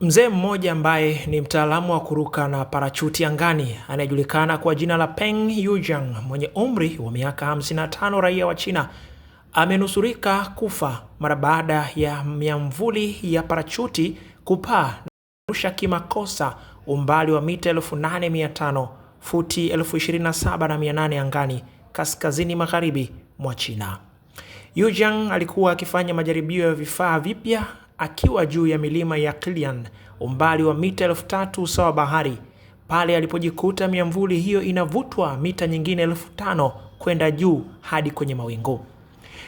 Mzee mmoja ambaye ni mtaalamu wa kuruka na parachuti angani anayejulikana kwa jina la Peng Yujang mwenye umri wa miaka 55 raia wa China amenusurika kufa mara baada ya miamvuli ya parachuti kupaa na kurusha kimakosa umbali wa mita 8500 futi 27800 angani kaskazini magharibi mwa China. Yujang alikuwa akifanya majaribio ya vifaa vipya akiwa juu ya milima ya Kilian umbali wa mita elfu tatu sawa bahari, pale alipojikuta miamvuli hiyo inavutwa mita nyingine elfu tano kwenda juu hadi kwenye mawingu.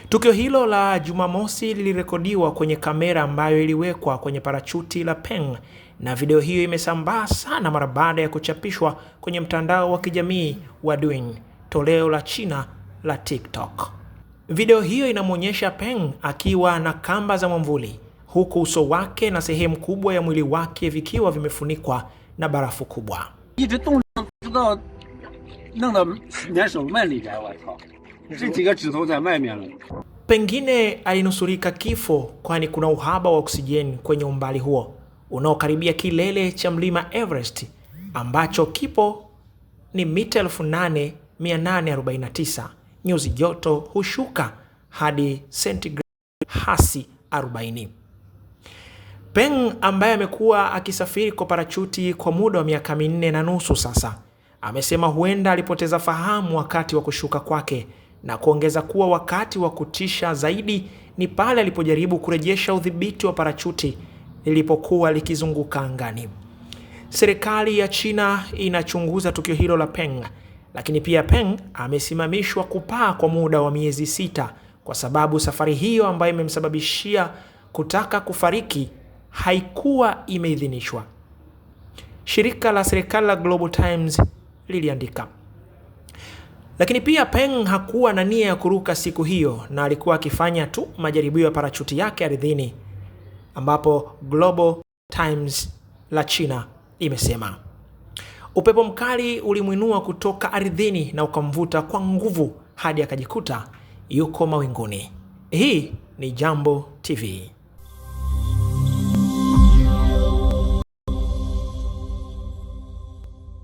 Tukio hilo la Jumamosi lilirekodiwa kwenye kamera ambayo iliwekwa kwenye parachuti la Peng na video hiyo imesambaa sana mara baada ya kuchapishwa kwenye mtandao wa kijamii wa Douyin, toleo la China la TikTok. Video hiyo inamwonyesha Peng akiwa na kamba za mwamvuli huku uso wake na sehemu kubwa ya mwili wake vikiwa vimefunikwa na barafu kubwa. Pengine alinusurika kifo, kwani kuna uhaba wa oksijeni kwenye umbali huo unaokaribia kilele cha mlima Everest ambacho kipo ni mita 8849 nyuzi joto hushuka hadi sentigredi hasi 40. Peng ambaye amekuwa akisafiri kwa parachuti kwa muda wa miaka minne na nusu sasa, amesema huenda alipoteza fahamu wakati wa kushuka kwake na kuongeza kuwa wakati wa kutisha zaidi ni pale alipojaribu kurejesha udhibiti wa parachuti lilipokuwa likizunguka angani. Serikali ya China inachunguza tukio hilo la Peng, lakini pia Peng amesimamishwa kupaa kwa muda wa miezi sita kwa sababu safari hiyo ambayo imemsababishia kutaka kufariki haikuwa imeidhinishwa. Shirika la serikali la Global Times liliandika. Lakini pia Peng hakuwa na nia ya kuruka siku hiyo na alikuwa akifanya tu majaribio ya parachuti yake ardhini, ambapo Global Times la China imesema upepo mkali ulimwinua kutoka ardhini na ukamvuta kwa nguvu hadi akajikuta yuko mawinguni. Hii ni Jambo TV.